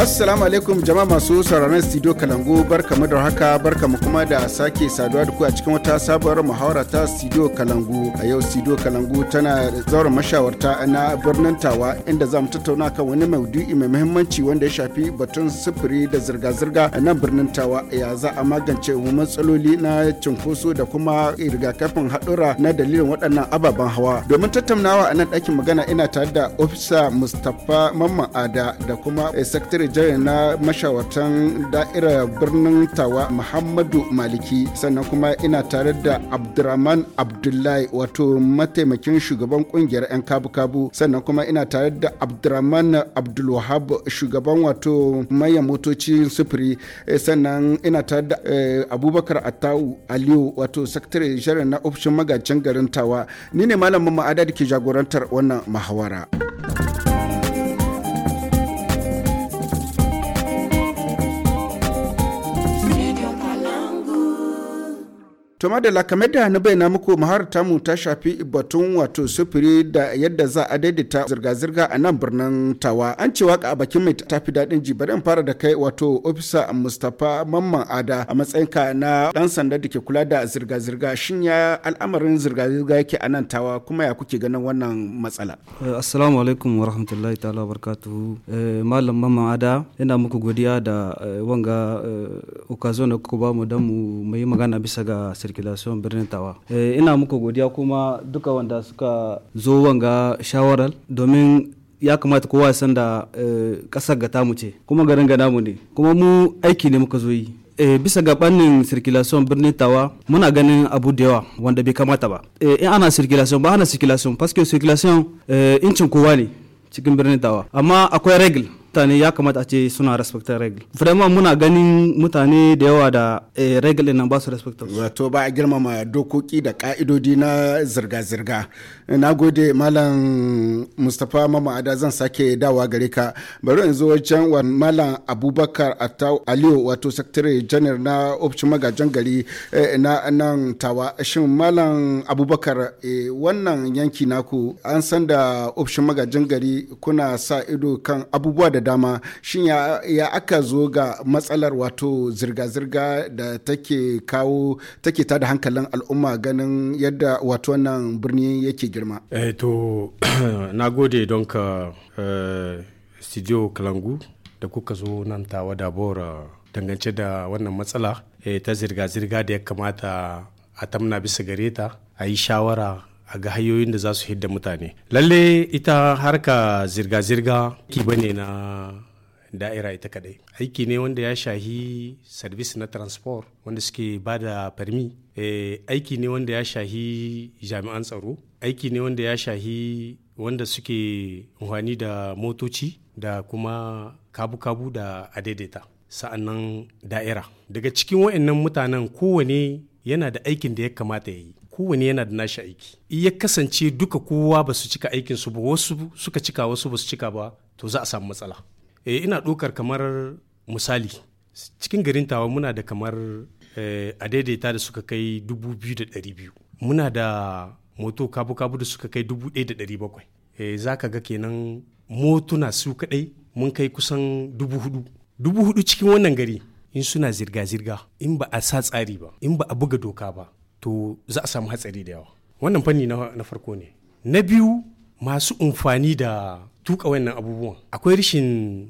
Assalamu alaikum jama'a masu sauraron studio Kalangu mu da haka barka mu kuma da sake saduwa da ku a cikin wata sabuwar muhawara ta studio Kalangu. A yau studio Kalangu tana zauren mashawarta na birnin Tawa inda za mu tattauna kan wani maudu'i mai muhimmanci wanda ya shafi batun sufuri da zirga-zirga a nan birnin Tawa ya za a magance matsaloli na cunkoso da kuma rigakafin haɗura na dalilin waɗannan ababen hawa. Domin tattaunawa a nan ɗakin magana ina tare da Ofisa Mustapha Mamman Ada da kuma eh, Sakatare sakatare na mashawartan da'irar birnin tawa muhammadu maliki sannan kuma ina tare da abdurrahman abdullahi wato mataimakin shugaban kungiyar 'yan kabu-kabu sannan kuma ina tare da abdurrahman abdulwahab shugaban wato mayan motoci sufuri eh, sannan ina tare da eh, abubakar attahu aliyu wato sakatare shirin na ofishin magajin garin tawa ni ne malamin ma'ada da ke jagorantar wannan muhawara. To madala kamar da na bayyana muku mahar mu ta shafi batun wato sufuri da yadda za a daidaita zirga-zirga a nan birnin Tawa. An ce waka a bakin mai tafi daɗin ji bari in fara da kai wato ofisa Mustapha Mamman Ada a matsayin matsayinka na dan sanda da ke kula da zirga-zirga shin ya al'amarin zirga-zirga yake a nan Tawa kuma ya kuke ganin wannan matsala. Eh, assalamu alaikum wa rahmatullahi ta'ala barkatu. Eh, Malam Mamman Ada ina muku godiya da eh, wanga okazo da kuka ba mu dan mu mai magana bisa ga circulation birnin tawa eh, ina muku godiya kuma duka wanda suka zo wanga shawarar domin ya kamata kowa ya san da kasar eh, ga tamu ce kuma garin ga namu ne kuma mu aiki ne muka zo yi e, bisa ga bannin circulation birnin tawa muna ganin abu da yawa wanda bai kamata ba in ana circulation ba ana circulation parce que circulation incin kowa ne cikin birnin tawa amma akwai regal mutane ya kamata a ce suna respecta regal vraiment muna ganin mutane da yawa da eh, regal nan ba su respecta. wato ba a girmama dokoki da ka'idodi na zirga-zirga na gode malam mustapha mama'ada zan sake dawa gare ka bari in zo wajen malam abubakar atau aliyu wato sakatare janar na ofishin magajan gari eh, na nan tawa shin malam abubakar eh, wannan yanki naku an san da ofishin magajan gari kuna sa ido kan abubuwa da da dama shin ya aka zo ga matsalar wato zirga-zirga da take kawo take tada hankalin al'umma ganin yadda wato wannan birni yake girma eh to na gode don ka eh, studio kalangu da kuka zo nan tawa bora eh, dangance da wannan matsala eh, ta zirga-zirga da ya kamata a tamna bisa gare ta a yi shawara a ga hanyoyin da za su hidda mutane lalle ita harka zirga-zirga ki bane na da'ira ita kadai aiki ne wanda ya shahi service na transport wanda suke ba da farmi eh, aiki ne wanda ya shahi jami'an tsaro aiki ne wanda ya shahi wanda suke amfani da motoci da kuma kabu-kabu da adaidaita sa'annan da'ira daga cikin wa'annan mutanen kowane yana da aikin da ya kamata ya yi kowane yana da nashi aiki ya kasance duka kowa ba su cika aikin su ba wasu suka cika wasu ba su cika ba to za a samu matsala e, ina ɗaukar kamar misali cikin garin tawa muna da kamar e, eh, a daidaita da suka kai dubu biyu da dari biyu muna da moto kabu-kabu da suka kai dubu ɗaya da dari bakwai e, za ka ga kenan motuna su kadai mun kai kusan dubu hudu dubu hudu cikin wannan gari in suna zirga-zirga in ba a sa tsari ba in ba a buga doka ba to za a samu hatsari da yawa wannan fanni na farko ne na biyu masu amfani da tuka wannan abubuwan akwai rashin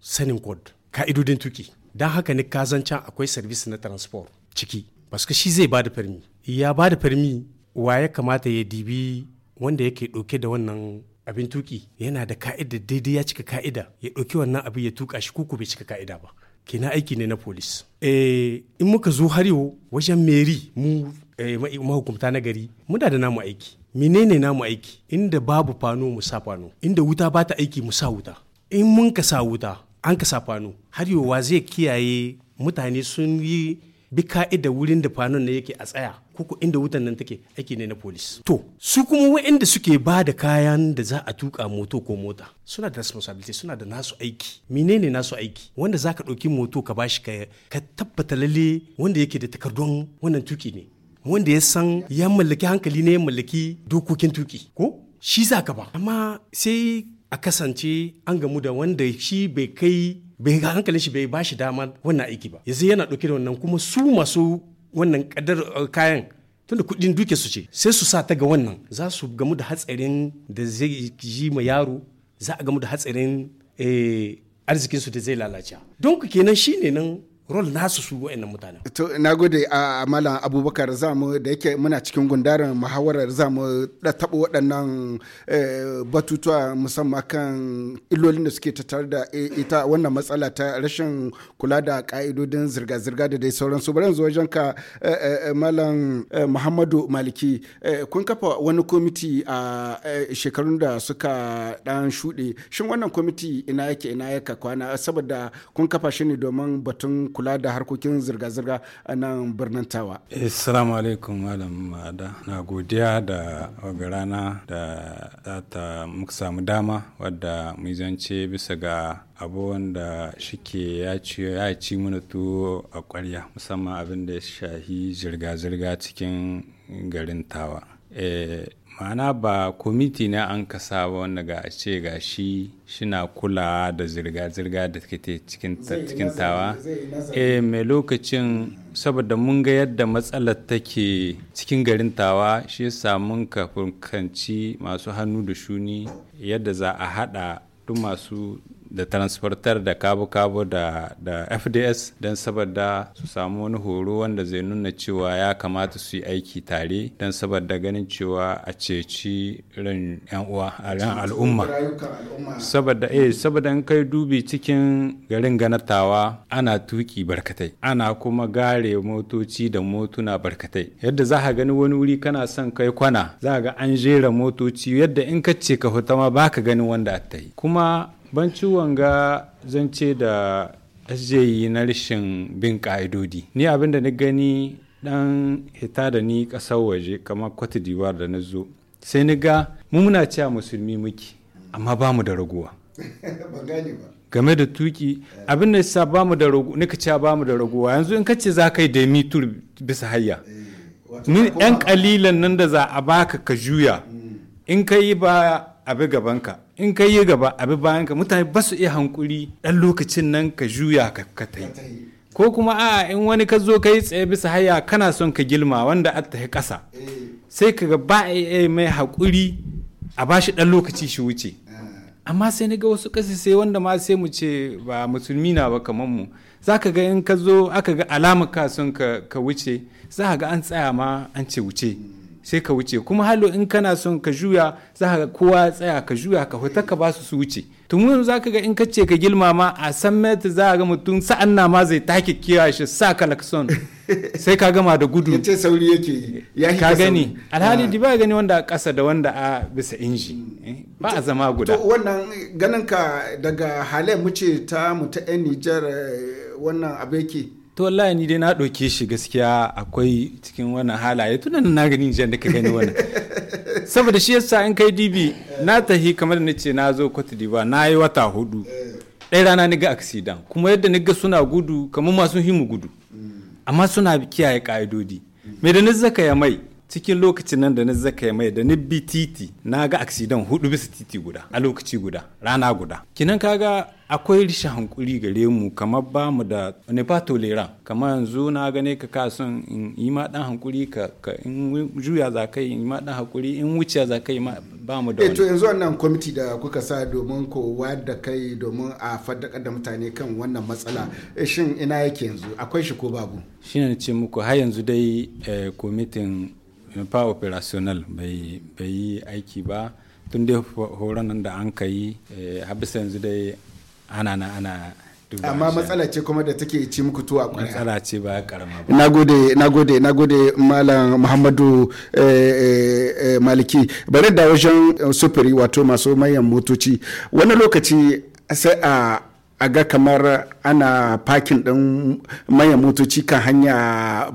sanin code ka'idodin tuki don haka ne kazancan akwai service na transport ciki basu shi zai bada farmi ya bada farmi wa ya kamata ya dibi wanda yake ɗauke da wannan abin tuki yana da ka'ida daidai ya cika ka'ida ya ɗauki wannan abin ya tuka shi ko bai cika ka'ida ba kina aiki ne na polis eh, in muka zo har yau wajen meri mu Eh, mahukumta na gari muna da namu aiki menene namu aiki inda babu fano mu sa fano inda wuta ba ta aiki mu sa wuta in mun ka sa wuta an ka sa fano har wa zai kiyaye mutane sun yi bi ka'ida wurin da fanon ne yake a tsaya kuku inda wutan nan take aiki ne na polis to su kuma wa'inda suke ba da kayan da za a tuka moto ko mota suna da responsibility suna da nasu aiki menene nasu aiki wanda za ka ɗauki moto ka bashi ka ka tabbata lalle wanda yake da takardun wannan tuki ne wanda ya san ya mallaki hankali ne ya mallaki dokokin tuki ko shi za ba amma sai a kasance an gamu da wanda shi bai kai bai ga hankalin shi bai bashi dama wannan aiki ba yanzu yana ɗauke da wannan kuma su masu wannan kadar eh, kayan tunda kuɗin duke su ce sai su sa ta ga wannan za su gamu da hatsarin da zai ji ma yaro za a gamu da hatsarin eh, arzikinsu da zai lalace don ku kenan shine nan rol nasu su wa'annan mutane. To na gode a malam Abubakar zamu da yake muna cikin gundarin muhawarar zamu da taɓa waɗannan eh, batutuwa musamman kan illolin da suke tattare da eh, ita wannan matsala ta rashin kula da ka'idodin zirga-zirga da dai sauransu. Bari yanzu wajen ka eh, malam Muhammadu Maliki kun kafa wani kwamiti a shekarun da suka ɗan shuɗe. Shin wannan kwamiti ina yake ina yaka kwana saboda kun kafa shi ne domin batun kula da harkokin zirga-zirga a nan birnin tawa assalamu alaikum malam ada na godiya da rana da za ta samu dama wadda muzance bisa ga abu wanda shike ya ci ya ci mana tuwo a kwarya musamman abin da ya shahi zirga-zirga cikin garin tawa eh, Ma'ana ba kwamiti na an kasa ba wanda ga ce ga shi shina kulawa da zirga-zirga da ke cikin tawa. E mai lokacin saboda mun ga yadda matsalar take cikin garin tawa shi yasa mun kanci masu hannu da shuni yadda za a haɗa duk masu da transporter da kabu-kabu da, da fds don saboda su samu wani horo wanda zai nuna cewa ya kamata su yi aiki tare don saboda ganin cewa a ceci ran yan uwa a ran al'umma saboda eh saboda in kai dubi cikin garin ganatawa ana tuki barkatai ana kuma gare motoci da motuna barkatai yadda za ka gani wani wuri kana son kai kwana za ga an jera motoci yadda in ka ce ka fita ma baka ganin wanda ta yi kuma ban ciwon ga zance da sji na rashin bin ka'idodi ni abin da na gani dan hita da ni kasar waje kamar cote d'ivoire da na zo sai ni ga mu muna cewa musulmi muke amma ba mu da raguwa game da tuki abin da sa ba mu da raguwa nika cewa ba mu da raguwa yanzu in kace za ka yi da mitur bisa hayya yan eh, kalilan nan da za a baka ka juya mm. in ka yi ba abi ka. in ka yi gaba abi bayan ka mutane ba su iya hankuri ɗan lokacin nan ka juya ka ka ko kuma a'a in wani ka zo ka yi tsaye bisa haya kana son ka gilma wanda a ta ƙasa eh. sai ka ga ba a mai haƙuri a ba shi ɗan lokaci shi wuce eh. amma sai na ga wasu ƙasa sai wanda ma sai mu ce ba musulmi na ba kamar mu za ka ga in ka zo aka ga alama ka son ka wuce za ka ga an tsaya ma an ce wuce hmm. sai ka wuce kuma halo in kana son ka juya za ka kowa tsaya ka juya ka fita ka ba su su wuce tumun za ka ga in ka ce ka girmama a san mata za ga mutum sa'an na ma zai take kiya shi sa kalakson sai ka gama da gudu yace sauri yake ya ka gani alhali ah. di ba gani wanda a kasa da wanda a bisa inji eh, ba a zama guda to wannan ganin ka daga halai muce ce ta mu ta yan Nijar eh, wannan abeki to wallahi ni dai na ɗauke shi gaskiya akwai cikin wannan halaye tun nan na gani jan da ka gani wannan saboda shi yasa in kai dibi na tahi kamar da nace na zo Cote d'Ivoire na yi wata hudu ɗaya rana ni ga accident kuma yadda ni ga suna gudu kamar masu himu gudu amma suna kiyaye ka'idodi me da ni zaka ya mai cikin lokacin nan da ni zaka ya mai da ni bi titi na ga accident hudu bisa titi guda a lokaci guda rana guda kinan kaga akwai rishin hankuri gare mu kamar ba mu da ne ba tolera kamar yanzu na gane ka ka son in yi ma dan hankuri ka in juya za ka yi ma dan hankuri in wuce za ka yi ma ba mu da eh, wani. to yanzu wannan kwamiti da kuka sa domin kowa da kai domin a faddaka da mutane kan wannan matsala eh, shin ina yake yanzu akwai shi ko babu. shi ne ce muku har yanzu dai eh, kwamitin pa operational bai yi aiki ba tun dai horon da an ka yi bisa yanzu dai ana na ana amma matsala ce kuma da take ci muku tuwa kuma matsala ce ba karama ba nagode nagode nagode malam muhammadu eh, eh, eh, maliki bari da wajen sufuri wato masu mayan motoci wani lokaci sai a a ga kamar ana fakin din maye motoci kan hanya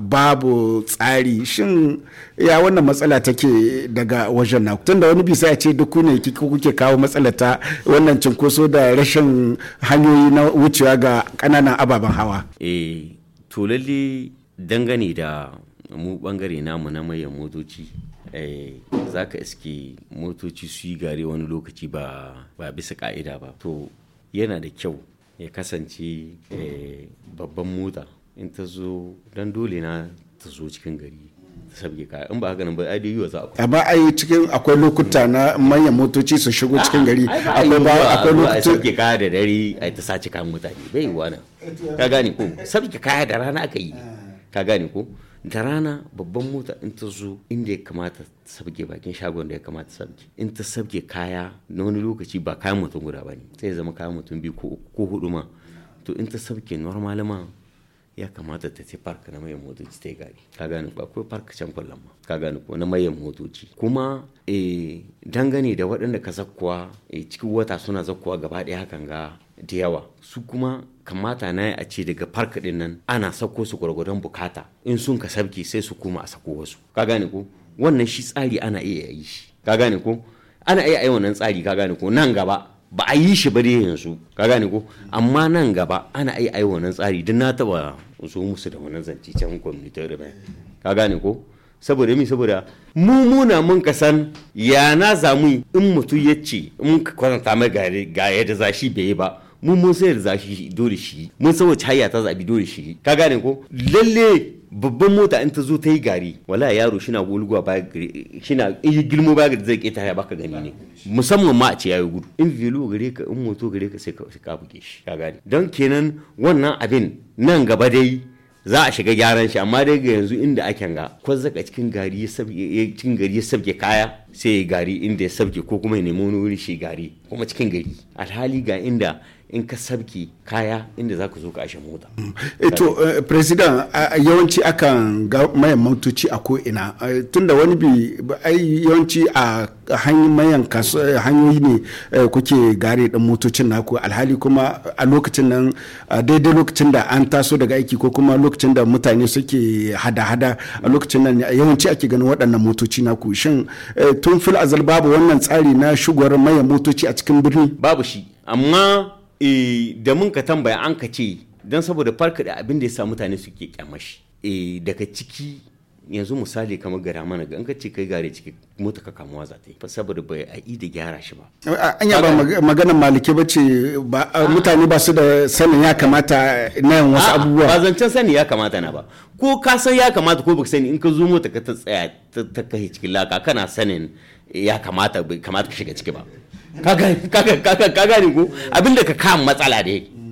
babu tsari shin ya wannan matsala take daga wajen na tunda wani bisa ya ce duk ne kuke kawo matsala ta wannan cinkoso da rashin hanyoyi na wucewa ga ƙananan ababen hawa eh to lalle dangane da mu bangare namu na maye motoci eh, za ka iske motoci su yi gare wani lokaci ba bisa ka'ida ba to yana da kyau ya kasance eh, babban mota in ta zo don dole na ta zo cikin gari sabge kaya in ba haka nan ba ai yiwa za a amma ai cikin akwai lokuta na manyan motoci su shigo cikin gari akwai ba akwai lokuta sabge kaya da dare ai ta sace kan mutane bai yiwa nan ka gane ko sabge kaya da rana aka yi ka gane ko da rana babban mota in ta zo inda ya kamata sabge bakin shagon da ya kamata sabge in ta sabge kaya na wani lokaci ba kayan mutum guda ba ne sai zama kayan mutum biyu ko hudu ma to in ta sabge normal ma ya kamata ta ce park na mayan motoci ta yi gari ka gani ko akwai park can kwallon ma ka gani ko na mayan motoci kuma eh, dangane da waɗanda ka zakkuwa eh, cikin wata suna zakkuwa gaba ɗaya hakan ga da yawa su kuma kamata na a ce daga park din nan ana sako su gwargwadon bukata in sun ka sabki sai su kuma a sako wasu ka gane ko wannan shi tsari ana iya yi shi ka gane ko ana iya yi wannan tsari ka gane ko nan gaba ba a yi shi ba dai yanzu ka gane ko amma nan gaba ana iya yi wannan tsari don na taba zo musu da wannan zance can kwamitin da ka gane ko saboda mi saboda mu muna mun kasan ya na zamu in mutu ya ce in kwanta mai ga yadda zashi shi bai yi ba mun mun sai da shi dole shi mun san wace hanya ta zabi dole shi ka gane ko lalle babban mota in ta zo ta yi gari wala yaro shina gulguwa ba shina yi gilmo ba gari zai keta ya baka gani ne musamman ma a ce yayi gudu in velo gare ka in moto gare ka sai ka buge shi ka gane don kenan wannan abin nan gaba dai za a shiga gyaran shi amma dai ga yanzu inda ake ga kwazzaka cikin gari ya cikin gari ya sabge kaya sai ya gari inda ya sabge ko kuma ya nemi wani wuri shi gari kuma cikin gari alhali ga inda in ka sabki kaya inda za ku zo ka mota. Eto, eh, eh, president yawanci akan ga mayan motoci a ko'ina eh, tunda wani bi ai yawanci a mayan hanyoyi ne kuke gare ɗin motocin naku alhali kuma a lokacin nan daidai lokacin da an taso daga aiki ko kuma lokacin da mutane suke hada-hada a lokacin nan yawanci ake ganin waɗannan motoci naku shin tun fil azal babu wannan tsari na shugwar mayan motoci a cikin birni babu shi amma e, da mun ka tambaya an ka ce don saboda farka da abin da ya sa mutane suke kyamashi e, eh, daga ciki yanzu misali kamar gara mana ga an ka ce kai gare ciki mota ka kamuwa za ta yi saboda bai a da gyara shi ba yi ba maganar malike ba ce mutane ba su da sanin ya kamata na yin wasu abubuwa ba zancen sani ya kamata na ba ko ka san ya kamata ko baka sani in ka zo mota ka ta tsaya ta kai cikin laka kana sanin ya kamata bai kamata ka shiga ciki ba ka gani ko abinda ka kama matsala da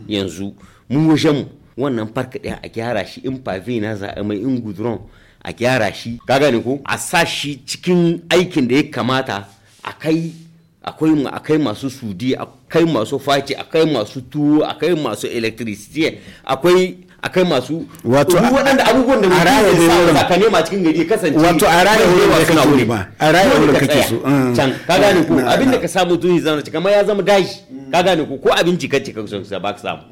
yanzu mu wajen wannan farka ɗaya a gyara shi in pavi na zaa mai in gudron a gyara shi ka gani ko a sa shi cikin aikin da ya kamata a kai akwai masu sudi akai masu faci akai masu tuwo akai masu electricity akwai akai masu wato waɗanda abubuwan da mutum ya sa ka nema cikin gari kasance wato a raya wurin da kana wuri ba a raya wurin da kake so mm. can ka gane ko abin da ka samu tun yi zama kamar ya zama dashi mm. ka gane ko ko abinci kace ka so ba ka samu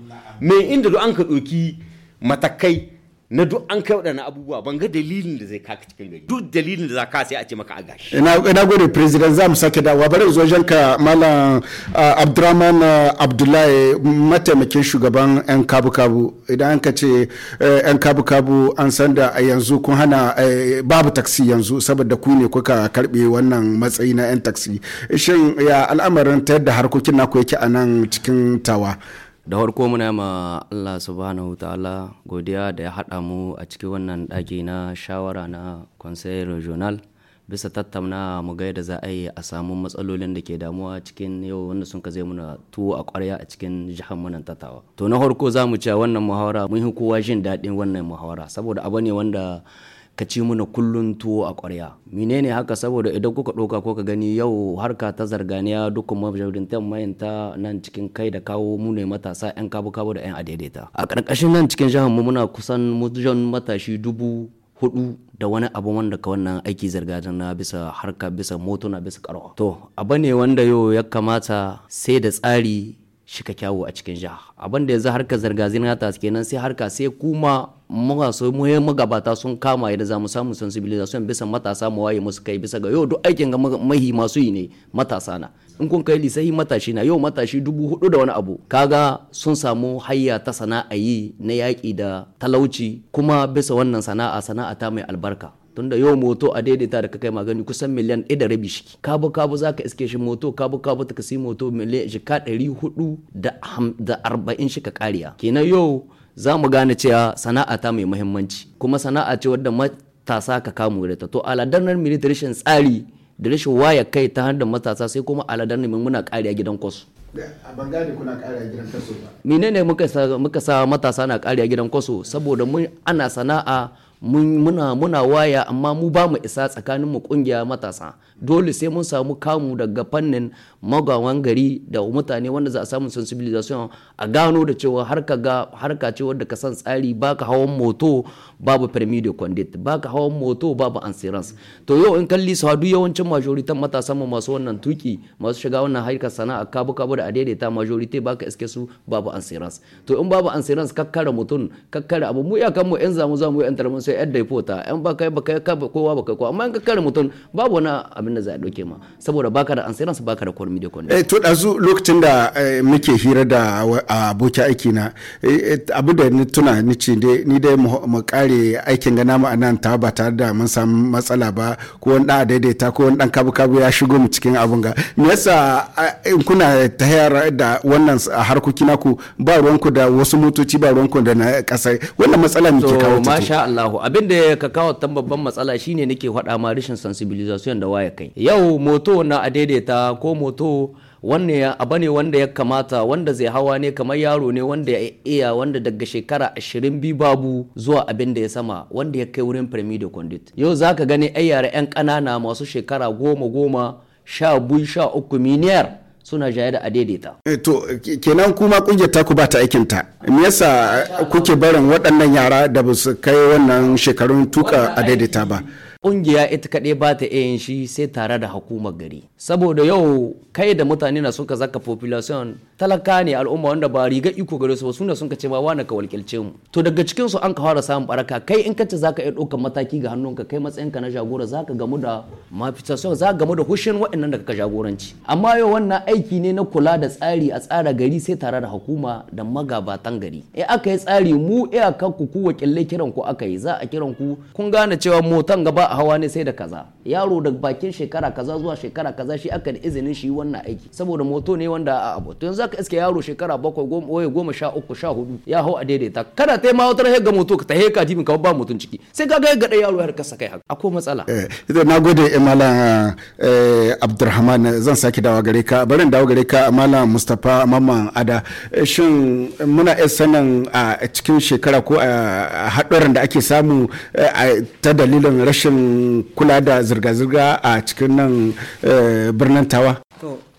me inda do an ka doki matakai na duk an kai waɗannan abubuwa ban ga dalilin da zai kaka cikin gari duk dalilin da za ka sai a ce maka a gashi ina gode president za mu sake dawowa bari zo ka malam uh, abdurrahman uh, abdullahi mataimakin shugaban yan kabu kabu idan an ka ce uh, yan kabu kabu an san da yanzu kun hana babu taksi yanzu saboda ku ne kuka karbe wannan matsayi na yan taksi shin ya al'amarin ta yadda harkokin naku yake a nan cikin tawa da harko muna ma Allah subhanahu ta'ala godiya da ya haɗa mu a cikin wannan ɗaki na shawara na conseil regional bisa tattauna mu ga yadda za a yi a samu matsalolin da ke damuwa cikin yau wanda sun ka zai muna tuwo a ƙwarya a cikin jihar munan tatawa to na harko za mu ci wannan muhawara mun yi kowa jin daɗin wannan muhawara saboda abu ne wanda ka ci mana kullun tuwo a ƙwarya menene haka saboda idan kuka ɗauka ko ka gani yau harka ta zarganiya dukkan majalintan mayan nan cikin kai da kawo mu matasa 'yan kabu kabu da 'yan adaidaita a ƙarƙashin nan cikin jihar mu muna kusan mujan matashi dubu hudu da wani abu wanda ka wannan aiki zirga na bisa harka bisa motuna bisa karawa to abu ne wanda yau ya kamata sai da tsari shi ka kyawu a cikin jiha abin ya yanzu harka zirga zinata kenan sai harka sai kuma masu magabata sun kama yadda za mu samu sensibilization bisa matasa mu waye musu kai bisa ga yau duk aikin ga mahi masu yi ne matasa na in kun kai lisahi matashi na yau matashi dubu hudu da wani abu kaga sun samu hayya ta sana'a yi na yaƙi da talauci kuma bisa wannan sana'a sana'a ta mai albarka tunda yau moto a daidaita da ka kai magani kusan miliyan ɗaya da rabi shiki kabu kabu za ka iske shi moto kabu kabu ta kasi moto miliyan shika ɗari hudu da arba'in shika kariya kenan yau za mu gane cewa sana'a ta mai muhimmanci kuma sana'a ce wadda matasa ka kamu da ta to aladarnar militarishin tsari da rashin waya kai ta hannun matasa sai kuma aladarnar muna kariya gidan kwasu a bangare kuna kariya gidan kaso ba menene muka sa matasa na kariya gidan kwaso saboda mun ana sana'a muna muna waya amma mu ba mu isa tsakanin mu kungiya matasa dole sai mun samu kamu daga fannin magawan gari da mutane wanda za a samu sensibilization a gano da cewa harka ga harka ce wadda ka san tsari baka hawan moto babu permis de conduite baka hawan moto babu insurance to yau in kalli su hadu yawancin majoritan matasan mu masu wannan tuki masu shiga wannan harkar sana'a kabu kabu da adaidaita majority baka iske su babu insurance to in babu insurance kakkare mutum kakkare abu mu iyakan mu yan zamu zamu yan tarmin sai yan daifota yan baka baka kowa baka ko amma in kakkare mutum babu wani abin da za a dauke ma saboda baka da insurance baka da permis de conduite eh to dazu lokacin da eh, muke hira da a aboki aiki na eh, eh, abu da ni tuna ni ce ni dai mu kare aikin gana mu anan ta ba ta da mun samu matsala ba ko wani dan daidaita ko wani dan kabu kabu ya shigo mu cikin abun ga me yasa in kuna ta hayar da wannan harkoki naku ba ruwanku da wasu motoci ba ruwanku da na kasa wannan matsala ne ke kawo masha Allah abin da ka kawo tan babban matsala shine nake faɗa ma rashin sensibilization da waya kai yau moto na a daidaita ko moto wannan ya abu ne wanda ya kamata wanda zai hawa ne kamar yaro ne wanda ya iya wanda daga shekara ashirin biyu babu zuwa abin da ya sama wanda ya kai wurin premier da kondit yau za ka gani ai yara 'yan kanana masu shekara goma goma sha biyu sha uku miliyar suna jaye da adaidaita. Eh, to kenan kuma kungiyar taku ba ta aikinta me yasa kuke barin waɗannan yara da ba su kai wannan shekarun tuka adaidaita ba kungiya ita kaɗai ba ta iya yin shi sai tare da hukumar gari saboda yau kai da mutane na suka zaka population talaka ne al'umma wanda ba riga iko gare su ba suna sun ce ba wani ka walkilce mu to daga cikin su an ka fara samun baraka kai in ka ce zaka iya ɗaukar mataki ga hannunka kai matsayinka na jagora zaka gamu da so za gamu da hushin waɗannan da ka jagoranci amma yau wannan aiki ne na kula da tsari a tsara gari sai tare da hukuma da magabatan gari in aka yi tsari mu iyakan ku ku wakilai kiran ku aka yi za a kiran ku kun gane cewa motan gaba hawa ne sai da kaza yaro da bakin shekara kaza zuwa shekara kaza shi aka da izinin shi wannan aiki saboda moto ne wanda a abu to yanzu aka iske yaro shekara bakwai goma goma sha uku sha hudu ya hau a daidaita kada ta ma wata ga moto ka tahe ka jibin ka ba mutum ciki sai ka ga ga yaro ya kasa kai haka akwai matsala eh na gode eh, malam eh, Abdulrahman zan sake dawa gare ka barin dawo gare ka malam Mustapha Mamman Ada eh, shin muna iya sanin a ah, cikin shekara ko a ah, haɗuran da ake samu ta dalilin rashin kula da zirga-zirga a cikin nan eh, birnin tawa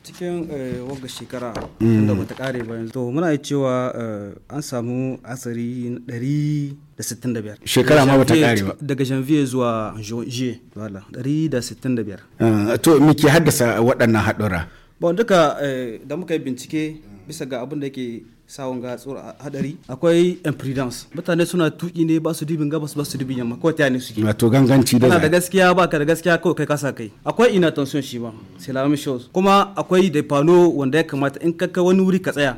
cikin eh, wagga shekara da mm. bata kare ba yanzu to muna yi cewa eh, an samu asari 165 shekara ma bata kare ba daga janvier zuwa juye wala 165 to me ke haddasa waɗannan haɗura ba duka da muka yi bincike bisa ga abin da ke sawon ga tsoro hadari akwai imprudence mutane suna tuki ne ba su dibin gabas ba su dibin yamma kawai tayani suke wato ganganci da da gaskiya ba ka da gaskiya k'o kai kasa kai akwai ina tension shi ba c'est shows kuma akwai da pano wanda ya kamata in ka wani wuri ka tsaya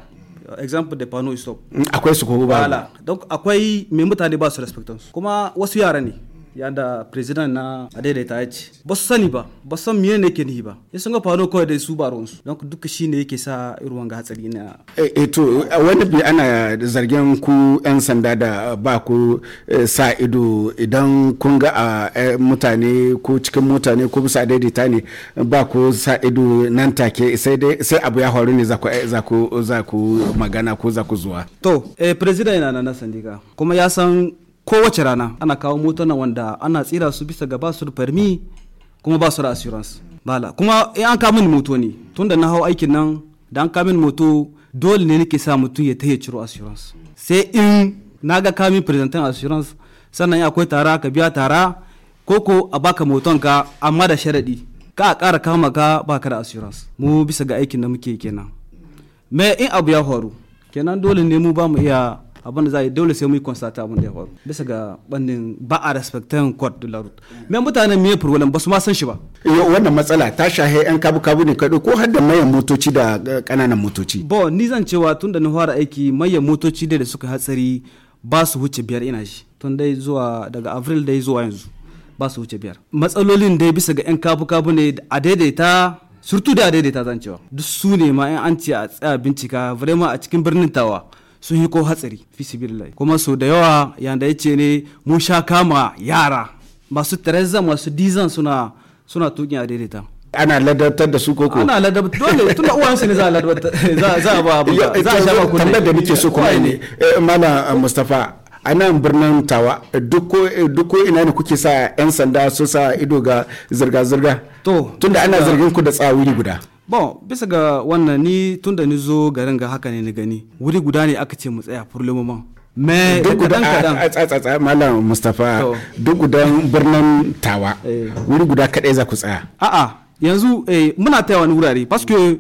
example da pano stop akwai su ko ba donc akwai me mutane ba su respectance kuma wasu yara ne yanda president na adaidaita ya ce ba su sani ba ba san miye ne ke nihi ba ya sun ga faru kawai da su ba ruwansu don duka shi ne yake sa ruwan hatsari na eh, eh to wani bi ana zargin ku yan sanda da ba ku eh, sa ido idan kun ga a eh, mutane ko cikin mutane ko bisa ta ne ba ku sa ido nan take sai dai sai abu ya faru ne za ku magana ko za ku zuwa to eh president yana nan sandiga. kuma ya san kowace rana ana kawo na wanda ana tsira su bisa ga basu da farmi kuma basu da assurance bala kuma in an mini moto ne tunda na hau aikin nan da an mini moto dole ne nake sa mutum ya taya ciro assurance sai in na ga kamin presentan assurance sannan akwai tara ka biya tara koko a baka moton ka amma da sharaɗi ka a ƙara kama ka baka da assurance mu bisa ga aikin da muke kenan me in abu ya faru kenan dole ne mu ba mu iya abin da za yi dole sai mu yi constata abin da ya faru bisa ga bandin ba a respectin court de la route me mutanen me problem ba su ma san shi ba wannan matsala ta shahe yan kabu kabu ne kadai ko har da maye motoci da kananan eh, motoci bo ni zan cewa tun da na fara aiki maye motoci da suka hatsari ba su wuce biyar ina shi tun dai zuwa daga avril dai zuwa yanzu ba su wuce biyar matsalolin dai bisa ga yan kabu kabu ne a daidaita surtu da daidaita zan cewa duk su ne ma an ce a tsaya bincika vraiment a cikin birnin tawa sun yi ko hatsari fi kuma su da yawa yanda ya ce ne mun sha kama yara masu tereza masu dizan suna suna tukin a ana ladabtar da su koko ana ladabtar dole tunda uwansu ne za a ladabtar za a ba za a sha ba kullum tambayar da nake so kuma ne eh, mana mustafa a nan birnin tawa duk ko ina ne kuke sa 'yan sanda su sa ido ga zirga-zirga tunda ana zargin ku da tsawiri guda Bon, bisa ga wannan ni tun da ni zo garin ga haka ne ni gani. Wuri guda ne aka ce mu tsaya furlumuman. Me eh, duk guda a Malam mustafa duk gudan birnin Tawa. Eh. Wuri guda kadai za ku tsaya. A'a, yanzu eh, muna taya wani wurare parce que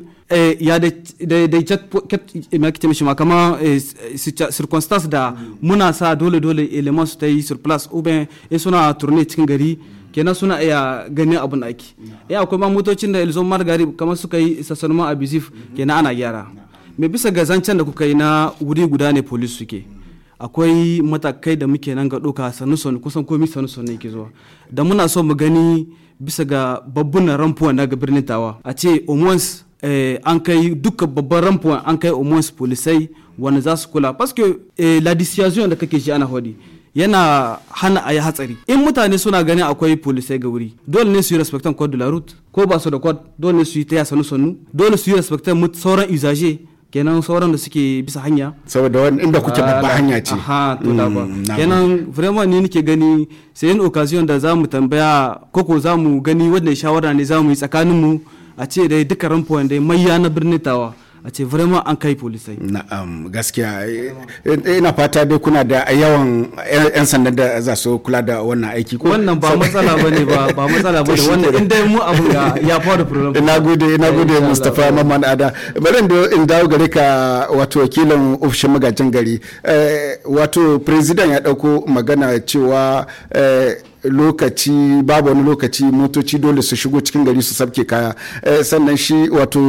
ya da da cat mishi ma kama circumstance da muna sa dole dole elements tayi sur place ou bien et sona tourner cikin gari kenan suna iya ganin abin da ake ya eh, akwai ma motocin da ilzon margari kamar suka yi sassanuma abusif mhm. kenan ana gyara me bisa ga zancen da kuka yi na wuri guda ne polis suke mhm. akwai matakai da muke nan ga doka sanuson kusan komi sanuson ne ke zuwa da muna so mu gani bisa ga babbunan rampuwa na ga birnin tawa a ce omons eh, an kai duka babban rampuwa an kai omons polisai wanda za su kula parce que eh, la da kake ji ana hodi yana hana a yi hatsari in mutane suna ganin akwai polisai ga wuri dole ne su yi respectan code de la route ko ba su da code dole ne su yi ta sanu sanu dole su yi respectan sauran usager kenan sauran da suke bisa hanya saboda wani inda kuke babba ah, hanya ce aha to da ba mm, kenan vraiment ne nake gani sai in occasion da za mu tambaya koko za mu gani wannan shawara ne za mu yi tsakanin mu a ce dai duka rampo dai mai na birnitawa tawa a ce vraiment an kai polisai na'am gaskiya ina fata dai kuna da yawan yan sandan da za su kula da wannan aiki ko wannan ba matsala bane ba ba matsala bane wannan in dai mu abu ya fara problem ina gode ina gode Mustafa Mamman Ada bari da in dawo gare ka wato wakilin ofishin magajin gari eh, wato president ya dauko magana cewa eh, lokaci babu wani lokaci motoci dole su shigo cikin gari su sabke kaya eh, sannan shi wato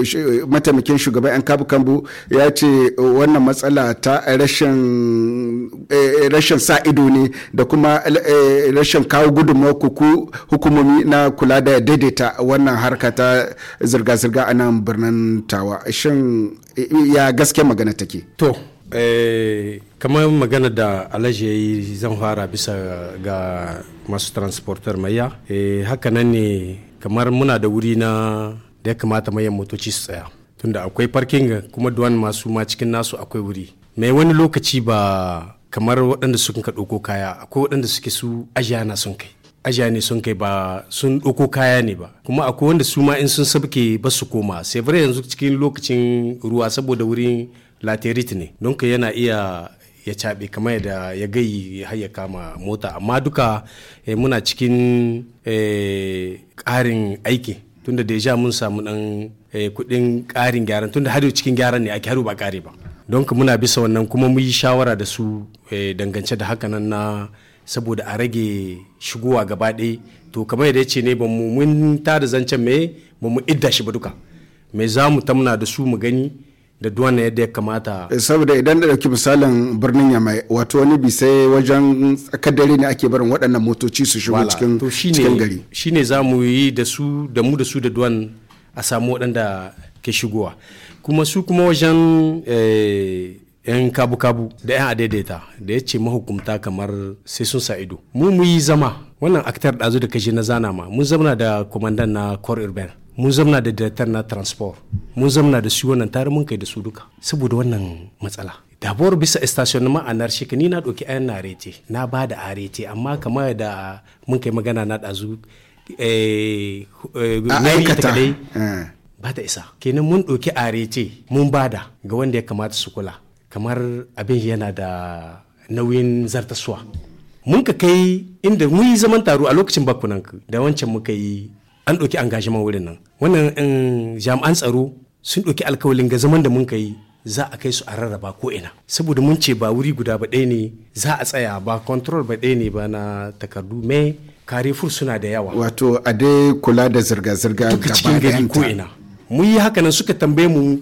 eh, eh, mataimakin shugaban yan kabu kambu ya ce wannan matsala ta rashin sa ido ne da kuma rashin kawo gudunmawa kuku hukumomi na kula da daidaita wannan harka ta zirga-zirga a nan birnin tawa shin ya gaske magana take to Eh, kamar magana da alaji yi zan fara bisa ga masu transporter maiya eh, haka nan ne kamar muna da wuri na da ya kamata mayan motoci su tsaya tunda akwai parking kuma duwan masu ma cikin nasu akwai wuri mai wani lokaci ba kamar waɗanda sun ka ɗauko kaya akwai waɗanda suke su ajiya na sun kai ajiya ne sun kai ba sun ɗauko kaya ne ba kuma akwai wanda su ma in sun sabke ba su koma sai yanzu cikin lokacin ruwa saboda wurin laterit ne don yana iya ya caɓe kamar yadda ya gai ya kama mota amma duka eh, muna cikin eh, ƙarin aiki tunda deja mun samu ɗan eh, kuɗin ƙarin gyaran tunda har cikin gyaran ne ake haru ba ƙare ba don muna bisa wannan kuma mu yi shawara da su dangance da haka nan na saboda a rage shigowa gaba ɗaya to kamar yadda ya ce ne ba mu mun tada zancen me ba mu idda shi ba duka me za mu tamna da su mu gani da duwan yadda ya kamata eh, saboda idan da dauki misalin birnin yamai wato wani bi sai wajen tsakar dare ne ake barin waɗannan motoci su shigo cikin cikin gari shine za mu yi da su da mu da su da duwan a samu waɗanda ke shigowa kuma su kuma wajen eh, yan kabu-kabu da yan adaidaita da ya ce mahukumta kamar sai sun sa ido mu mu yi zama wannan aktar ɗazu da kashe na zana ma mun zama da kwamandan na cor urban mun zamna da director na transport mun zamna da shi wannan tare mun kai da su duka saboda wannan matsala dabuwar bisa station ma anarchic ni na doki ayan na rete na ba da arete amma kamar da mun kai magana na ɗazu eh, eh, eh. ba ta isa kenan mun doki arete mun bada ga wanda ya kamata su kula kamar abin yana da nauyin zartaswa mun ka kai inda mun yi zaman taro a lokacin bakunan da wancan muka yi an ɗauki engagement wurin nan wannan um, jami'an tsaro sun ɗauki alkawalin ga zaman da mun yi za a kai su a rarraba ko ina saboda mun ce ba wuri guda ba ɗaya ne za a tsaya ba control ba ɗaya ne ba na takardu mai karefur suna da yawa wato a dai kula da zirga-zirga duka cikin gari ko ina mun yi haka nan suka tambaye mu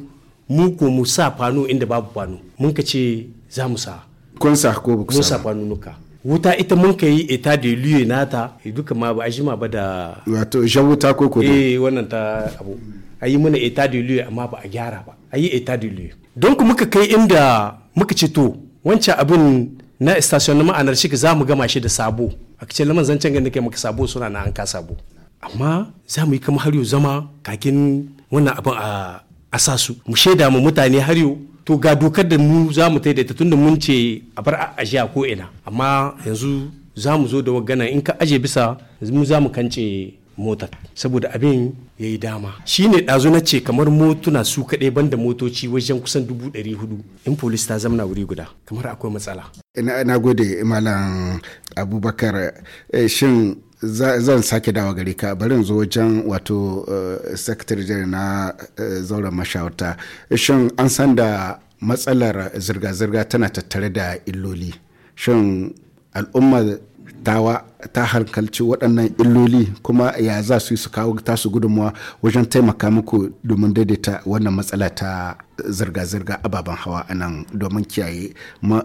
mu ko mu sa fano inda babu fano mun ka ce za mu sa kun sa ko ba ku sa fano nuka wuta ita mun ka yi ita da liye nata eh, duka ma ba a ma ba da wato jan wuta ko ko eh wannan ta abu a ayi mana ita da liye amma ba a gyara ba ayi ita da liye don ku muka kai inda muka ce to wancan abin na station na ma'anar shi za mu gama shi da sabo a kace laman zancen ganin kai muka sabo suna na an ka sabo amma za mu yi kama har yau zama kakin wannan abin a asasu mu shaida mu mutane har yau to ga dokar da mu za mu taidaita tunda mun ce a bar a a ko ina amma yanzu za mu zo da wagana in ka aje bisa mu za mu kance motar saboda abin ya yi dama shi ne ɗazu na ce kamar motuna su kaɗai banda motoci wajen kusan dubu ɗari hudu in polis ta zamana wuri guda kamar akwai matsala na gode malam abubakar eh, shin zan sake dawa gare ka bari zo wajen wato eh, secretary na eh, zauren mashawarta shin an san da matsalar zirga-zirga tana tattare da illoli shin al'ummar tawa ta harkalci waɗannan illoli kuma ya za su yi su kawo tasu gudunmuwa wajen taimaka muku domin daidaita wannan matsala ta zirga-zirga ababen hawa a nan domin kiyaye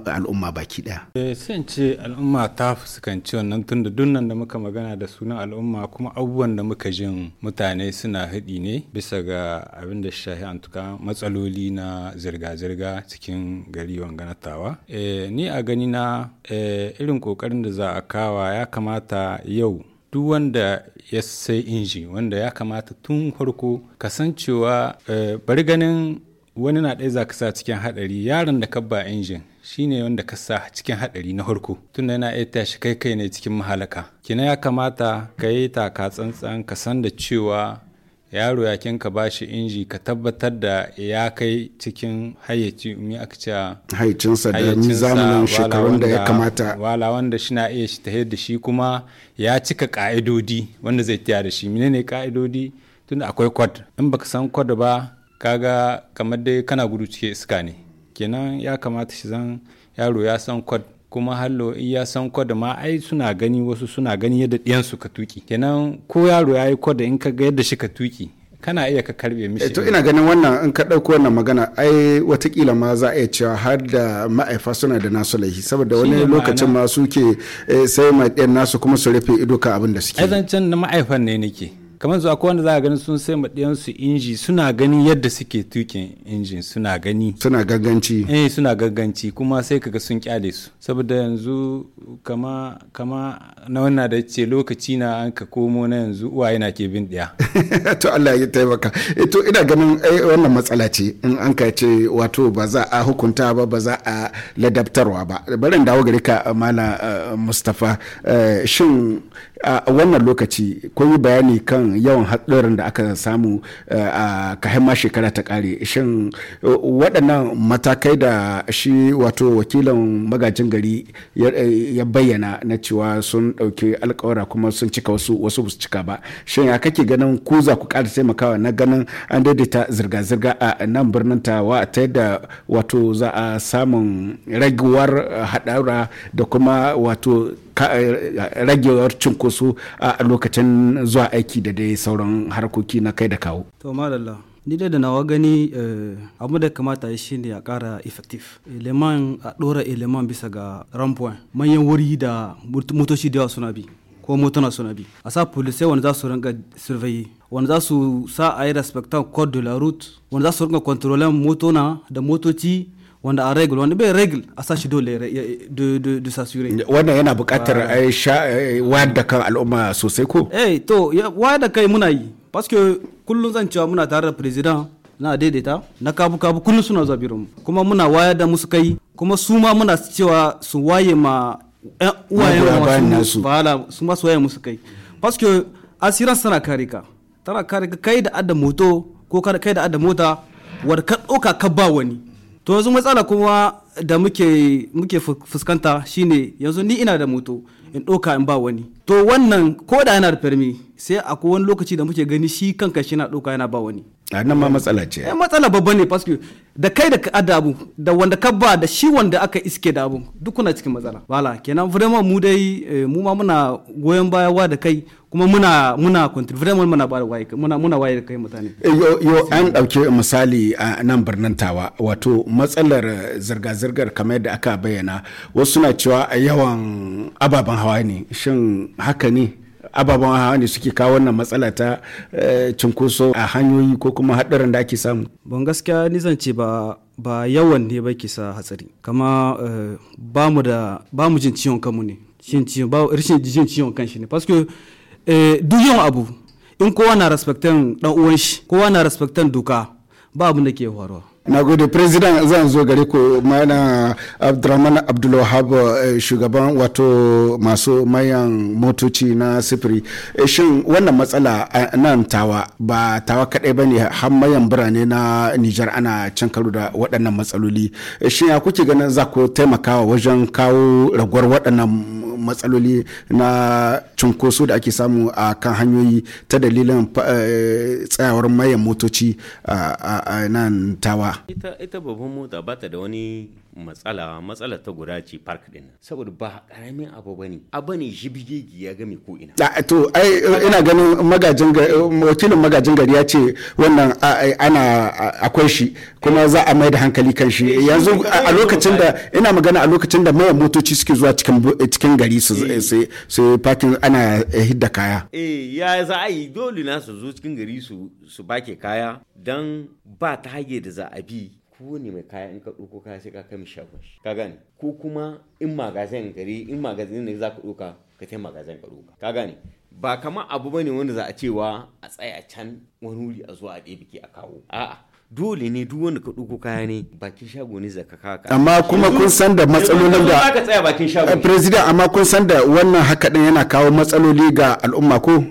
al'umma baki ɗaya. Eh, sai ce al'umma ta fuskanci wannan tun da dunnan da muka magana da sunan al'umma kuma abubuwan da muka jin mutane suna haɗi ne bisa ga abin da shahi an tuka matsaloli na zirga-zirga cikin gari wanganatawa. Eh, ni a gani na eh, irin ƙoƙarin da za a kawa ya kama. kamata yau duk wanda ya sai inji wanda ya kamata tun farko kasancewa eh, bari ganin wani na ɗaya za ka sa cikin haɗari yaron da ka ba injin shine wanda ka sa cikin haɗari na harko tun yana iya tashi kai kai ne cikin mahalaka kina ya kamata ka yi taka tsantsan ka san da cewa yaro ya kinka ba shi inji ka tabbatar da ya kai cikin hayyaci mi aka ce hayyacinsa da zamanin shekarun da ya kamata wala wanda shi na iya shi ta da shi kuma ya cika ka'idodi wanda zai tiya da shi menene ka'idodi tunda akwai kwad in baka san kwad ba kaga kamar dai kana gudu cike iska ne kenan ya kamata shi zan yaro ya san kwad kuma hallo iya san kwada ma ai suna gani wasu suna gani yadda ɗiyansu ka tuki kenan ko yaro ya yi kwada in ka ga yadda shi ka tuki kana iya ka karbe mishi eh to ina ganin wannan in ka ɗauko wannan magana ai watakila ma za a iya cewa har da ma'aifa suna da nasu laifi saboda wani lokacin ma suke eh, sai ma ɗiyan nasu kuma su rufe ido ka abin da suke ai zancen na ma'aifan ne nake kamar zuwa wanda za a gani sun sai maɗiyansu inji suna ganin yadda suke tukin injin suna gani suna ganganci eh suna ganganci kuma sai kaga sun kyale su saboda yanzu kama kama na wannan da ce lokaci na an ka komo na yanzu uwa yana ke bin ɗaya to Allah ya taimaka eh, to ina ganin eh, wannan matsala ce in an ka ce wato ba za a hukunta ba ba za a ladabtarwa ba barin dawo gari ka eh, mala Mustapha shin a wannan lokaci kun yi bayani kan yawan haɗuran da aka samu eh, a kahin shekara ta ƙare shin eh, waɗannan matakai da shi wato wakilan magajin gari ya bayyana na cewa sun ɗauki alkawara kuma sun cika wasu wasu su cika ba shin ya kake ganin ku za ku ƙara taimakawa na ganin an daidaita zirga-zirga a nan birnin ta wa ta yadda wato za a samun raguwar haɗara da kuma wato ragewar cunkoso a lokacin zuwa aiki da dai sauran harkoki na kai da kawo. To malala ni dai da nawa gani eh, abu da kamata shi ne a kara effective eleman a dora eleman bisa ga rampon manyan wuri da motoci da yawa suna bi ko motona suna bi a sa polisai wani za su rinka surveye wani za su sa a yi respectan code de la route wani za su rinka kontrolan motona da motoci wanda a regul wanda bai regul a sashi dole da sasure wannan yana bukatar eh, wayar da kan al'umma sosai ko eh to wayar da kai muna yi paske kullum zan cewa muna tare da president na daidaita na kabu kabu kullum suna zuwa birin kuma muna wayar da musu kai kuma su ma muna cewa su waye ma yan eh, uwayen masu bala su ma su waye musu kai paske asiran tana kare ka tana kare ka kai da adda moto ko kai da adda mota wadda ka ɗauka ka ba wani to yanzu matsala kuma da muke fuskanta shine yanzu ni ina da moto in ɗauka in ba wani to wannan ko da yana da farmi sai akwai wani lokaci da muke gani shi kanka shi na ɗauka yana ba wani a nan ma matsala ce eh matsala babba ne paske da kai da ka da abu da wanda ka ba da shi wanda aka iske da abu duk kuna cikin matsala wala kenan vraiment mu dai eh, mu ma muna goyon bayawa da kai kuma muna muna vraiment muna ba da waye muna muna waye da kai mutane eh, yo yo an dauke misali a nan birnin tawa wato matsalar zirga zirgar kamar yadda aka bayyana wasu na cewa yawan ababen hawa ne shin haka ne ababen hawa ne suke kawo wannan matsala ta eh, cinkoso a hanyoyi ko kuma haɗarin da ake samu ban gaskiya ni zan ce ba yawan ne ba ke sa hatsari kama eh, ba mu jin ciwon kanmu ne shin ciwon rashin jin ciwon shi ne paske eh, duk yawan abu in kowa na respectan dan uwan shi kowa na respectan doka ba abin da ke faruwa na gode president zan zo gare ku mana abdulrahman abdulwahab eh, shugaban wato masu mayan motoci na sifiri eh, shin wannan matsala eh, nan tawa ba tawa kadai ba ne har mayan birane na nijar ana can karo da waɗannan matsaloli shin ya kuke ganin za ku taimakawa wajen kawo ragwar waɗannan matsaloli na cunkoso da ake samu a kan hanyoyi ta dalilin eh, tsayawar mayan motoci a nan tawa ita babban mota ba ta da wani matsala matsala ta guda ce park din saboda ba karamin abu bane abu ne jibigegi ya game ko ina to ai ina ganin magajin wakilin magajin gari ya ce wannan ana akwai shi kuma za a mai da hankali kan shi eh, yanzu a lokacin da ina magana a lokacin da mayan motoci suke zuwa cikin gari su eh. parking ana eh, hidda kaya eh ya za a yi dole na su zo cikin gari su su bake kaya dan ba ta hage da za a bi ne mai kaya in ka ɗauko kaya sai ka kai mishi shagon shi ka gane ko kuma in magazin gari in magazin ne za ka ɗauka ka kai magazin ka ɗauka ka gane ba kamar abu bane wanda za a cewa a tsaya can wani wuri a zuwa a ɗebe a kawo a'a dole ne duk wanda ka ɗauko kaya ne bakin shago ne zaka kaka amma kuma kun san da matsalolin da ka tsaya bakin shago eh, president amma kun san da wannan haka din yana kawo matsaloli ga al'umma ko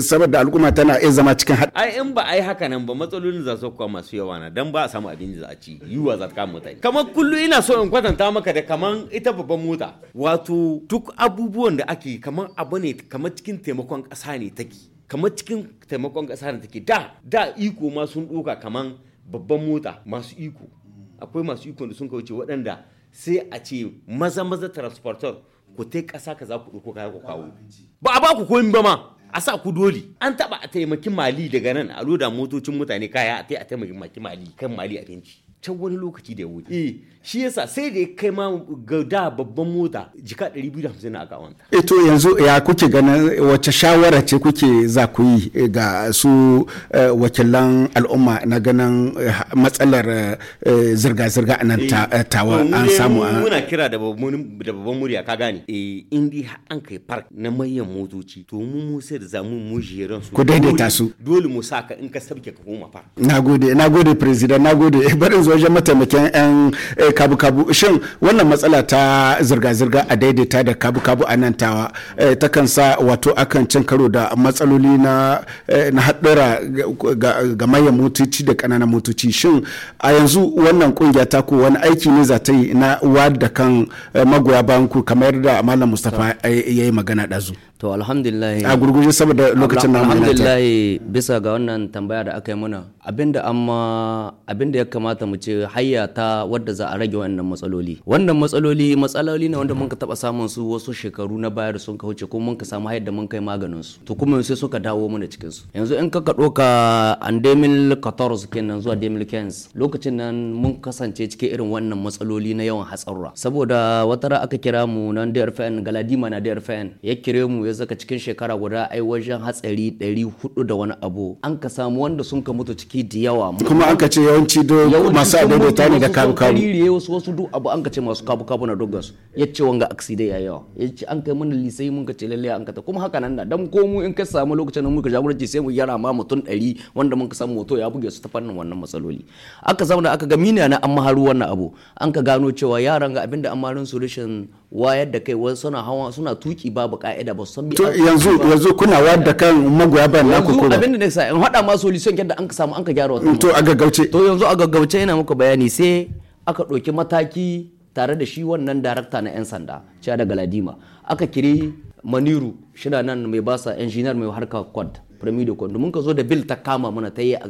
saboda al'umma tana iya zama cikin haɗa ai in ba ai haka nan ba matsalolin za su kwa masu yawa na dan ba a samu abin da za a ci yiwa za ta kama mutane kamar kullu ina so in kwatanta maka da kamar ita babban mota wato duk abubuwan da ake kamar abu ne kamar cikin taimakon ƙasa ne take kamar cikin taimakon ƙasa ne take da da iko ma sun ɗoka kamar babban mota masu iko akwai masu iko da sun kauce waɗanda sai a ce maza maza transporter ku tai ƙasa ka za ku ɗauko kaya ku kawo ba a ba ku komi ba ma a sa ku dole an taɓa a taimaki mali daga nan a loda motocin mutane kaya a a taimaki mali kan mali abinci can wani lokaci da ya wuce eh shi yasa sai da ya kai ma ga da babban mota jika 250 na akawanta e to yanzu ya kuke ganin wace shawara ce kuke za ku yi eh, ga su eh, wakilan al'umma na ganin eh, matsalar zirga-zirga a nan tawa an samu an muna kira da babban murya ka gane eh in dai an kai park na manyan motoci to mu mu sai da za mu jeran su ku daidaita su dole mu saka in ka sabke ka koma park nagode nagode president nagode Bari zo wajen mataimakin 'yan eh, kabu-kabu shin wannan matsala ta zirga-zirga a daidaita da kabu-kabu a nan tawa eh, takan sa wato akan cin karo da matsaloli na eh, haɗura ga mayan motoci da ƙananan motoci shin a yanzu wannan kungiya ta ko wani aiki ne za ta yi na wadda kan magoya bayan ku kamar da malam mustapha ya yi magana ɗazu. to alhamdulillah a gurguje saboda lokacin namu alhamdulillah bisa ga wannan tambaya da aka yi muna abinda amma abinda ya kamata mu ce hayya ta wadda za a rage wannan matsaloli wannan matsaloli matsaloli ne wanda mun ka taba samun su wasu shekaru na baya da sun ka wuce kuma mun ka samu hayar da mun kai maganin su to kuma sai suka dawo mana cikin su yanzu in ka kado ka andemil 14 kenan zuwa 2015 lokacin nan mun kasance cikin irin wannan matsaloli na yawan hatsarura saboda wata aka kira mu nan DRFN Galadima na DRFN ya kire mu ya zaka cikin shekara guda ai wajen hatsari ɗari hudu da wani abu an ka samu wanda sun ka mutu ciki da yawa kuma an ka ce yawanci do masu ta ne da kabu kabu yawanci wasu wasu duk abu an ka ce masu kabu kabu na dogas ya ce wanga aksida ya yawa ya ce an kai mana lisai mun ka ce lalle an ka ta kuma haka nan da dan ko mu in ka samu lokacin da ka jagoranci sai mu yara ma mutum ɗari wanda mun ka samu moto ya buge su ta fannin wannan matsaloli aka zauna aka ga mina na an maharu wannan abu an ka gano cewa yaran ga abinda an maharin solution wayar da kai wasu suna hawa suna tuki babu ka'ida ba su san yanzu yanzu kuna wadda kan magoya bayan naku kuma abin da nake in hada ma solution yadda an ka samu an ka gyara wannan to a gaggauce to yanzu a gaggauce ina muku bayani sai aka ɗauki mataki tare da shi wannan darakta na 'yan sanda cewa da galadima aka kiri maniru shida nan mai basa injiniyar mai harka kwad premier kwad mun ka zo da bill ta kama muna ta yi a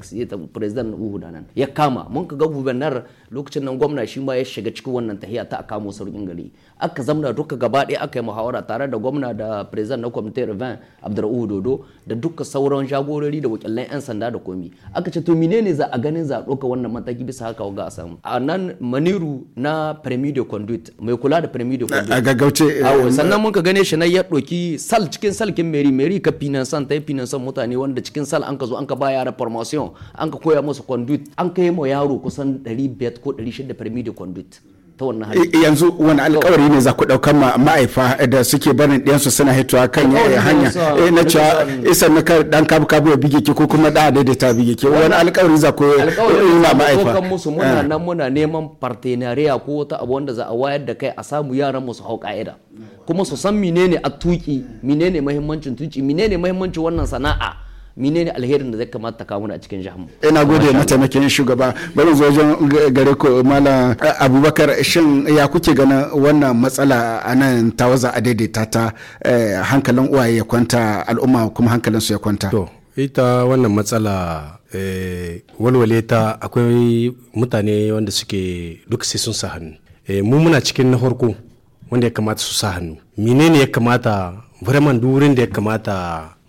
president uhu da nan ya kama mun ka ga gubernar lokacin nan gwamna shi ma ya shiga cikin wannan tahiya ta aka mu sarkin gari aka zamna duka gaba ɗaya aka yi muhawara tare da gwamna da president na kwamitin Rivan Abdurrahu Dodo da duka sauran jagorori da wakilan yan sanda da komi aka ce to menene za a ganin za a ɗauka wannan mataki bisa haka ga a samu a nan maniru na premier conduit mai kula da premier conduit a gaggauce eh, sannan mun ka gane shi na ya ɗauki sal cikin salkin meri meri ka finan san ta yi finan san mutane wanda cikin sal an ka zo an ka ba yara formation an ka koya musu conduit an kai ma yaro kusan 500 ko 600 farmi conduit ta wannan eh, hanyar eh, yanzu wani alkawari ne za ku ɗauka ma'aifa da suke barin ɗiyansu suna haituwa kan hanya eh, na cewa isa na kar dan kabu kabu ya bige ki ko kuma da daidaita bige ki wani alkawari za ku yi ma ma'aifa alkawari musu muna nan muna neman partenariya ko wata abu wanda za a wayar da kai a samu yaran mu su hau ka'ida kuma su san menene a tuki menene muhimmancin tuki menene muhimmancin wannan sana'a menene alherin da zai kamata kawo mana a cikin jihar ina gode mataimakin shugaba bari zo wajen gare ku malam abubakar shin ya kuke ganin wannan matsala a nan tawaza a daidaita ta eh, hankalin uwaye ya kwanta al'umma kuma hankalin su ya kwanta to ita wannan matsala eh, walwale ta akwai mutane wanda suke duk sai sun sa hannu eh, mu muna cikin na farko wanda ya kamata su sa hannu menene ya kamata vraiment wurin da ya kamata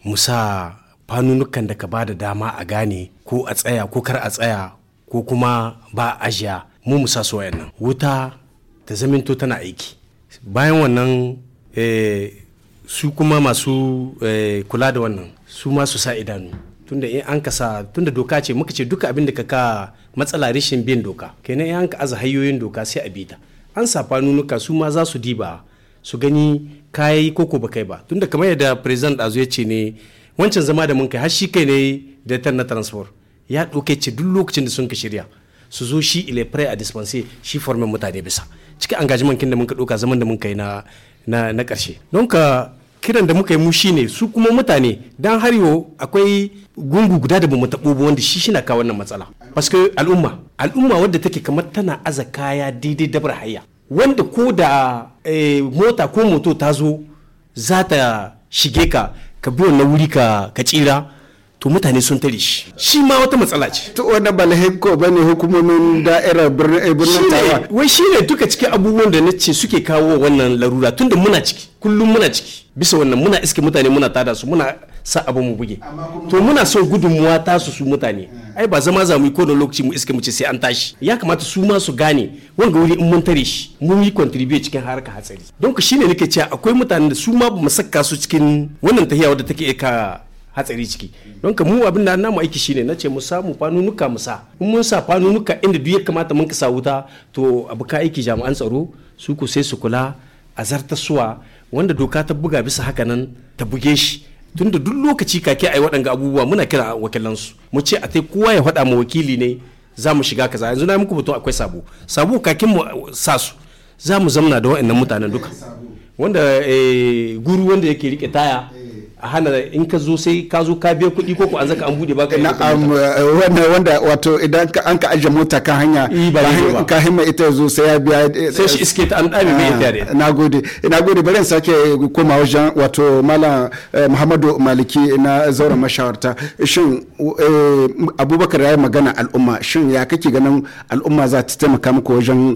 musa. fanunukan da ka ba da dama a gane ko a tsaya ko kar a tsaya ko kuma ba a ajiya mu musa su wayannan wuta ta zaminto tana aiki bayan wannan eh, su kuma masu eh, kula da wannan su ma sa idanu tunda in an kasa tunda doka ce muka ce duka abin da ka ka matsala rashin bin doka kenan in an ka aza hanyoyin doka sai a bita an sa fanunuka su ma za su diba su gani kayi koko ba kai ba tunda kamar yadda president azu ya ce ne wancan zama da mun kai har shi kai ne da na transport ya ɗauke ci duk lokacin da sun ka shirya su zo shi ile pray a dispense shi formen mutane bisa cikin engagement kin da muka ɗauka zaman da mun kai na na na ƙarshe don ka kiran da muka yi mu shine su kuma mutane dan har yau akwai gungu guda da bamu taɓo ba wanda shi shina kawo wannan matsala parce que al'umma al'umma wadda take kamar tana aza kaya daidai dabar hayya wanda ko da eh, mota ko moto ta zo za ta shige ka ka biyo na wuri ka tsira to mutane sun tare shi shi ma wata matsala ce to wannan ba lahi ba bane hukumomin da'ira birnin eh, birnin tawa wai shi ne duka cikin abubuwan da nace suke kawo wannan larura tunda muna ciki kullum muna ciki bisa wannan muna iske mutane muna tada su muna sa abu mu buge to muna so gudunmuwa ta su mutane ai ba zama za mu yi da lokaci mu iske mu ce sai an tashi ya kamata su ma su gane wanga wuri in mun tare shi mun yi contribute cikin harka hatsari don ku shine nake cewa akwai mutanen da su ma ba mu saka su cikin wannan tahiya wadda take ka hatsari ciki don ka mu abin da mu aiki shine na ce mu samu fanunuka mu sa in mun sa fanunuka inda duk ya kamata mun kasa wuta to abu ka aiki jami'an tsaro su ku sai su kula a zartasuwa wanda doka ta buga bisa haka nan ta buge shi tunda duk lokaci kake ai waɗanga abubuwa muna kira wakilansu mu ce a tai kowa ya faɗa ma wakili ne za mu shiga kaza yanzu na muku batun akwai sabo sabo kakin mu sa su za mu zamna da waɗannan mutanen duka wanda eh, guru wanda yake rike taya A hana in ka zo sai ka zo ka biya kuɗi ko ko an zaka an bude baka am um, uh, wanda wanda wato idan an ka aje mota ka hanya ka himma ita zo sai ya biya eh, sai shi iske ta an dame mai ita ah, da nagode nagode bari in sake koma wajen wato malam eh, Muhammadu Maliki na zaura mashawarta shin eh, Abubakar ya magana al'umma shin ya kake ganin al'umma za ta taimaka muku wajen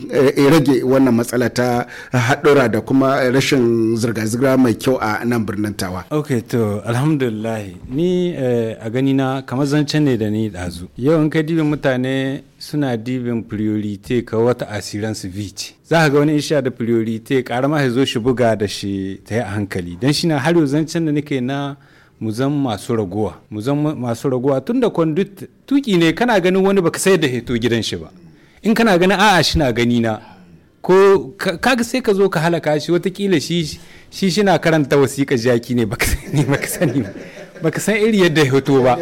rage wannan matsala ta haɗura da kuma rashin zirga-zirga mai kyau a nan birnin Tawa okay to alhamdulillahi ni eh, a ganina kamar zance ne da ni dazu yau in ka dibin mutane suna dibin priorite ka wata asiran su vici za ka ga wani isha da priorite ƙara ma zo shi buga da shi ta yi a hankali don shi na har yau zance da nake na mu zan masu raguwa mu zan masu raguwa tun da tuki ne kana ganin wani baka sayar da heto gidan shi ba in kana ganin a'a shi na gani na ko kaga sai ka zo ka halaka shi watakila shi shi shina karanta wasiƙar jaki ne baka sani baka sani baka san iri yadda ya hoto ba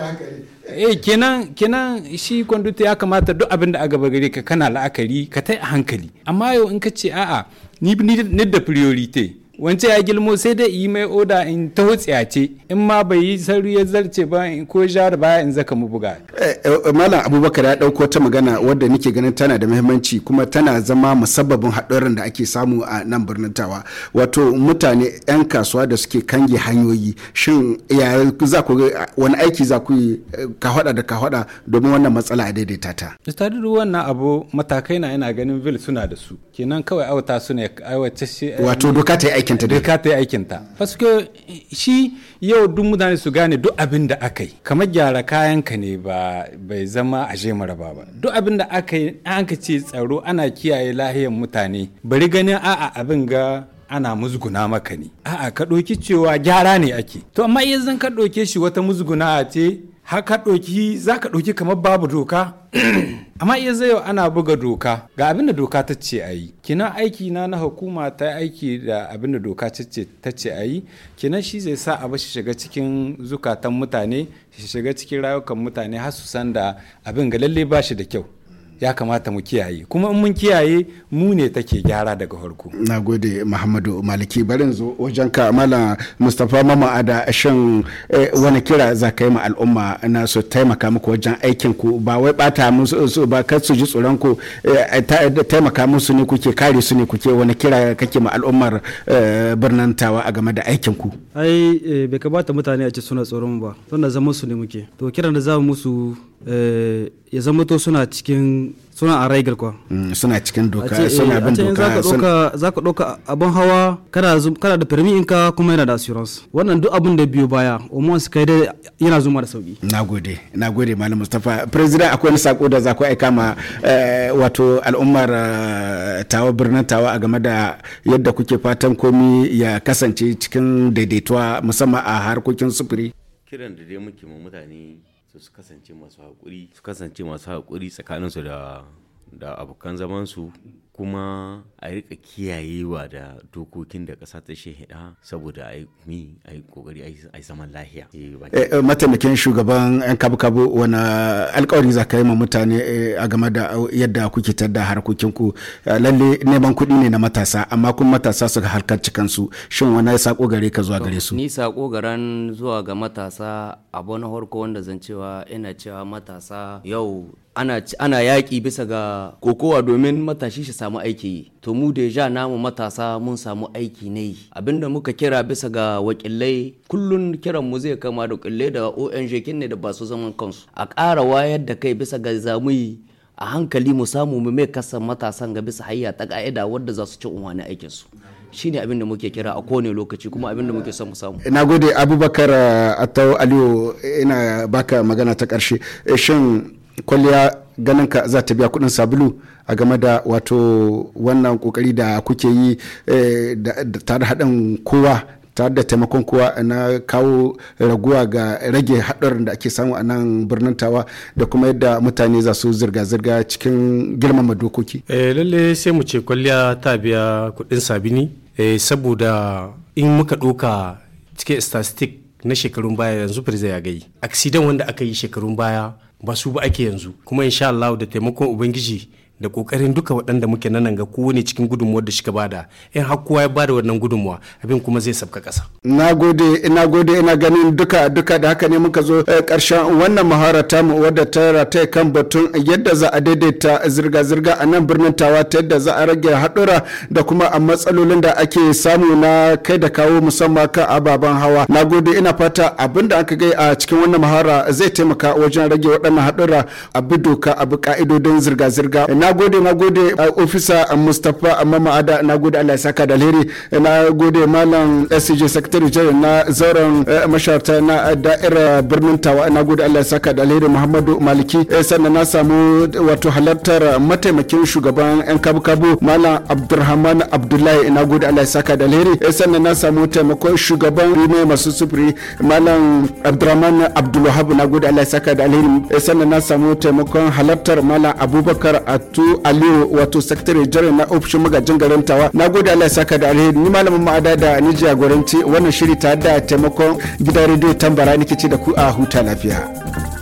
eh kenan kenan shi kwanduta ya kamata duk abin da aka gare ka kana la'akari ka tai a hankali amma yau in ka ce a'a ni ni da priority wance ya gilmo sai dai yi mai oda in ta ce in ma bai yi sauri ya zarce ba in ko jihar baya in zaka mu buga eh, eh, malam abubakar ya dauko ta magana wadda nake ganin tana da muhimmanci kuma tana zama musabbabin haɗarin da ake samu a nan birnin tawa wato mutane yan kasuwa da suke kange hanyoyi shin ya za ku wani aiki za ku yi eh, ka hada da ka hada domin wannan matsala a daidaita ta istadin wannan abu matakai na ina ganin vil suna da su kenan kawai auta su ne aiwace shi wato doka ta yi aiki aikin ta dai ka ta aikin ta paske shi yau duk mutane su gane duk abin da aka yi kamar gyara kayan ka ne ba bai zama a je maraba ba duk abin da aka yi an ka ce tsaro ana kiyaye lahiyar mutane bari ganin a'a abin ga ana musguna maka ne a'a ka ɗauki cewa gyara ne ake to amma yanzu ka ɗauke shi wata musguna ce har ka ɗoki za ka ɗoki kamar babu doka amma iya zai ana buga doka ga abin da doka ta ce a yi kinan aiki na na hukuma ta aiki da abin da doka ta ce a yi kinan shi zai sa abu shi shiga cikin zukatan mutane shi shiga cikin rayukan mutane har su san da abin ga lalle ba shi da kyau ya kamata mu kiyaye kuma in mun kiyaye mu ne take gyara daga farko na gode muhammadu maliki barin zo wajen ka mala mustapha mama ada shan eh, wani kira za ka yi ma al'umma na su taimaka muku wajen aikin ku ba wai bata musu ba kar su ji tsoron ku eh, taimaka musu ne kuke kare su ne kuke wani kira kake ma al'ummar eh, birnin tawa a game da aikin ku ai bai kamata mutane a ci suna tsoron ba tunda zama su ne muke to kiran da za mu musu Eh, ya zama to suna cikin suna a raigar kwa mm, suna cikin doka eh, suna bin doka za ka doka abin hawa kana da firmi inka kuma yana da assurance wannan duk abin da biyo baya umar su kai yana zuma da sauki nagode nagode malam mustapha president akwai wani sako da za ku aika ma eh, wato al'ummar tawa birnin tawa a game da yadda kuke fatan komi ya kasance cikin daidaituwa musamman a harkokin sufuri kiran da dai muke mutane su su kasance masu haƙuri su kasance masu haƙuri tsakaninsu da abokan zamansu kuma a rika kiyayewa da dokokin da ƙasa ta shehida saboda a yi a yi kokari a yi zaman lahiya. Eh, eh, eh, mataimakin shugaban yan kabu-kabu wani alkawari za ka yi ma mutane a game da yadda kuke da harkokinku lalle neman kuɗi ne na matasa amma kun matasa su harkarci kansu shin wani sako gare ka zuwa gare su. ni sako garan zuwa ga matasa abu na farko wanda zan cewa ina cewa matasa yau ana yaƙi bisa ga kokowa domin matashi shi samu aiki yi to mu da ja namu matasa mun samu aiki ne yi abinda muka kira bisa ga wakilai kullun kiran mu zai kama da kullai da ONG kin ne da ba su zaman kansu a ƙara wayar da kai bisa ga zamuyi a hankali mu samu mu mai kasan matasan ga bisa hayya ta ka'ida wadda za su ci unwani aikin su shine abin da muke kira a kowane lokaci kuma abin da muke son samu na gode abubakar atau aliyu ina baka magana ta karshe eh, shin kwalliya ganin ka za ta biya kudin sabulu a game da wato wannan kokari da kuke yi eh, tare haɗin kowa tare da taimakon kowa na kawo raguwa ga rage haɗarin da ake samu a nan birnin tawa da kuma yadda mutane za su zirga-zirga cikin girmama dokoki. Eh, lalle sai mu ce kwalliya ta biya kudin sabini eh, saboda in muka ɗoka cikin statistik na shekarun baya yanzu ya gai aksidan wanda aka yi shekarun baya ba su ba ake yanzu kuma insha Allah da taimakon ubangiji da kokarin duka waɗanda muke nan ga kowane cikin gudunmuwar da shiga bada in har kowa ya bada wannan gudunmuwa abin kuma zai sabka ƙasa. na gode ina gode ina ganin duka duka da haka ne muka zo eh, ƙarshen wannan muhara ta mu wadda ta rataya kan batun yadda za a daidaita zirga-zirga a nan birnin tawa ta yadda za a rage haɗura da kuma a matsalolin da ake samu na kai da kawo musamman kan ababen hawa na gode ina fata abin da aka gai a cikin wannan muhara zai taimaka wajen rage waɗannan haɗura a bi doka a bi ƙa'idodin zirga-zirga gode na gode uh, ofisa uh, mustapha uh, amma ma'ada na gode allah ya saka da alheri na gode malam sj secretary general na zauren masharta na da'ira birnin tawa na gode allah ya saka da alheri muhammadu maliki sannan na samu wato halartar mataimakin shugaban yan kabu-kabu malam abdulrahman abdullahi na gode allah ya saka da alheri sannan na samu taimakon shugaban rime masu sufuri malam abdulrahman abdulwahab na gode allah ya saka da alheri sannan na samu taimakon halartar malam abubakar atu wato Aliyu wato sakatare jiran na ofishin magajin garin Tawa. Na gode Allah ya saka da alheri ni malamin ma'ada da ni jagoranci wannan shiri ta da taimakon gidan rediyo Tambara nake ce da ku a huta lafiya.